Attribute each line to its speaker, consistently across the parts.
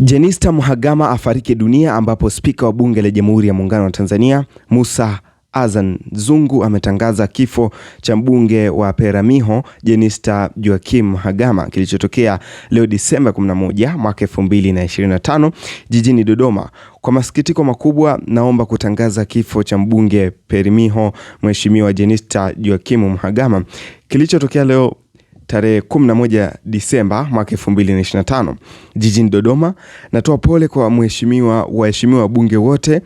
Speaker 1: Jenista Mhagama afariki dunia ambapo spika wa bunge la Jamhuri ya Muungano wa Tanzania Musa Azan Zungu ametangaza kifo cha mbunge wa Peramiho Jenista Joakim Mhagama kilichotokea leo Disemba 11 mwaka 2025 jijini Dodoma. Kwa masikitiko makubwa, naomba kutangaza kifo cha mbunge Peramiho Mheshimiwa Jenista Joakim Mhagama kilichotokea leo tarehe 11 Disemba mwaka 2025 jijini Dodoma. Natoa pole kwa mheshimiwa waheshimiwa wabunge wote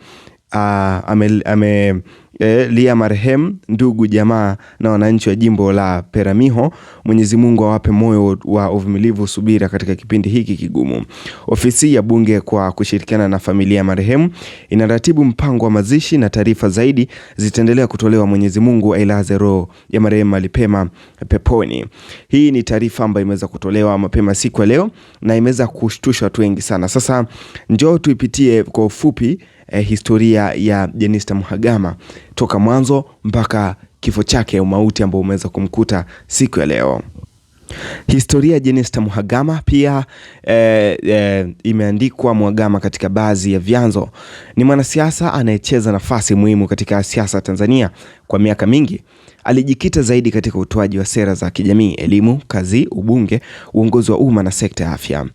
Speaker 1: Ah, amelia eh, marehemu ndugu jamaa na wananchi wa jimbo la Peramiho. Mwenyezi Mungu awape moyo wa uvumilivu, subira katika kipindi hiki kigumu. Ofisi ya Bunge kwa kushirikiana na familia ya marehemu inaratibu mpango wa mazishi na taarifa zaidi zitaendelea kutolewa. Mwenyezi Mungu ailaze roho ya marehemu alipema peponi. Hii ni taarifa ambayo imeweza kutolewa mapema siku ya leo na imeweza kushtusha watu wengi sana. Sasa njoo tuipitie kwa ufupi eh, historia ya Jenista Mhagama toka mwanzo mpaka kifo chake au mauti ambao umeweza kumkuta siku ya leo. Historia Jenista Mhagama pia eh, eh, imeandikwa Mhagama katika baadhi ya vyanzo. Ni mwanasiasa anayecheza nafasi muhimu katika siasa Tanzania kwa miaka mingi. Alijikita zaidi katika utoaji wa sera za kijamii, elimu, kazi, ubunge, uongozi wa umma na sekta ya afya.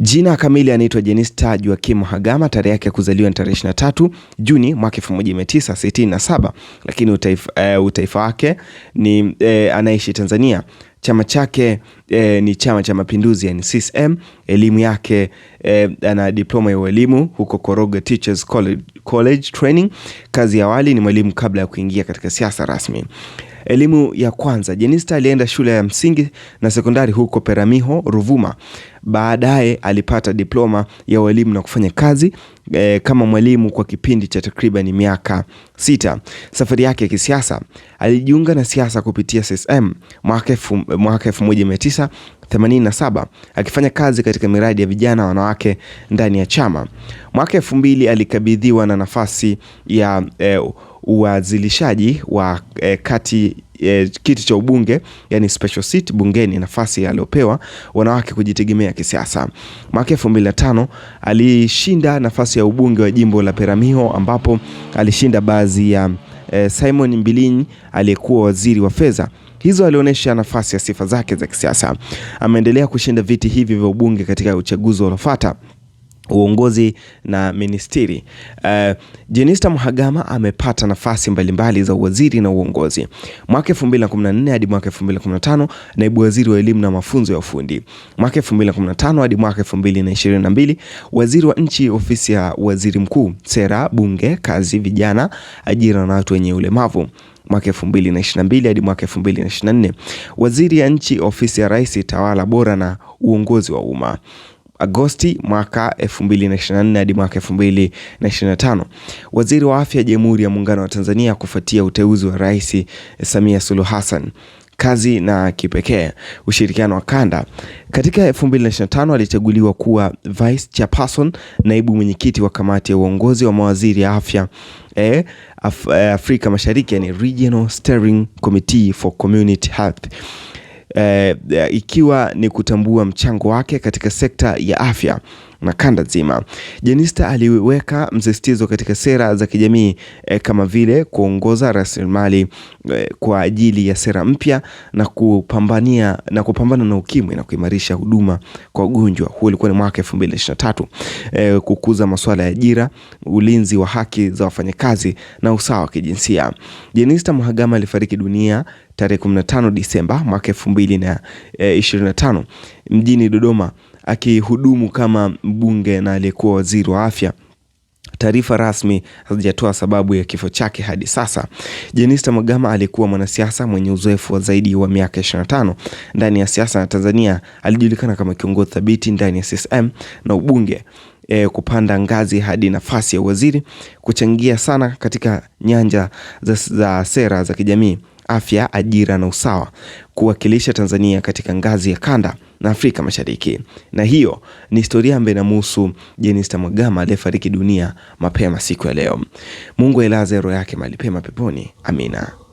Speaker 1: Jina kamili anaitwa Jenista Joakim Mhagama. Tarehe yake ya kuzaliwa ni tarehe 23 Juni mwaka 1967, lakini utaifa, e, utaifa wake ni e, anaishi Tanzania. Chama chake e, ni Chama cha Mapinduzi yani CCM. Elimu yake e, ana diploma ya ualimu huko Koroga Teachers College, College Training. Kazi ya awali ni mwalimu kabla ya kuingia katika siasa rasmi. Elimu ya kwanza, Jenista alienda shule ya msingi na sekondari huko Peramiho, Ruvuma. Baadaye alipata diploma ya ualimu na kufanya kazi e, kama mwalimu kwa kipindi cha takriban miaka sita. Safari yake ya kisiasa, alijiunga na siasa kupitia CCM mwaka 1987 akifanya kazi katika miradi ya vijana wanawake ndani ya chama. Mwaka 2000 alikabidhiwa na nafasi ya e, uwazilishaji wa e, kati e, kiti cha ubunge yani special seat bungeni, nafasi aliyopewa wanawake kujitegemea kisiasa. Mwaka tano alishinda nafasi ya ubunge wa jimbo la Peramiho ambapo alishinda baadhi ya e, Simon Mbilinyi aliyekuwa waziri wa fedha. Hizo alionyesha nafasi ya sifa zake za kisiasa. Ameendelea kushinda viti hivi vya ubunge katika uchaguzi uliofuata uongozi na ministiri. Uh, Jenista Mhagama amepata nafasi mbalimbali za uwaziri na uongozi. Mwaka 2014 hadi mwaka 2015 naibu waziri wa elimu na mafunzo ya ufundi. Mwaka 2015 hadi mwaka 2022 waziri wa nchi ofisi ya waziri mkuu, sera, bunge, kazi, vijana, ajira na watu wenye ulemavu mwaka 2022 hadi mwaka 2024 waziri ya nchi ofisi ya rais, tawala bora na uongozi wa umma. Agosti mwaka 2024 hadi mwaka 2025. Waziri wa Afya Jamhuri ya Muungano wa Tanzania kufuatia uteuzi wa Rais Samia Suluhu Hassan. Kazi na kipekee ushirikiano wa kanda. Katika 2025 alichaguliwa kuwa Vice Chairperson, naibu mwenyekiti wa kamati ya uongozi wa mawaziri ya afya eh, Af eh, Afrika Mashariki, yani Regional Steering Committee for Community Health eh, ikiwa ni kutambua mchango wake katika sekta ya afya na kanda zima. Jenista aliweka msisitizo katika sera za kijamii e, kama vile kuongoza rasilimali e, kwa ajili ya sera mpya na kupambania na kupambana na ukimwi na kuimarisha huduma kwa ugonjwa huo. Ulikuwa ni mwaka 2023. E, eh, kukuza masuala ya ajira, ulinzi wa haki za wafanyakazi na usawa wa kijinsia. Jenista Mhagama alifariki dunia tarehe 15 Disemba mwaka 2025 mjini Dodoma akihudumu kama mbunge na aliyekuwa waziri wa afya. Taarifa rasmi hazijatoa sababu ya kifo chake hadi sasa. Jenista Magama alikuwa mwanasiasa mwenye uzoefu wa zaidi wa miaka 25 ndani ya siasa na Tanzania. Alijulikana kama kiongozi thabiti ndani ya CCM na ubunge e, kupanda ngazi hadi nafasi ya waziri, kuchangia sana katika nyanja za, za sera za kijamii, afya, ajira na usawa, kuwakilisha Tanzania katika ngazi ya kanda na Afrika Mashariki. Na hiyo ni historia ambayo inamhusu Jenista Mwagama aliyefariki dunia mapema siku ya leo. Mungu ailaze roho yake mahali pema peponi. Amina.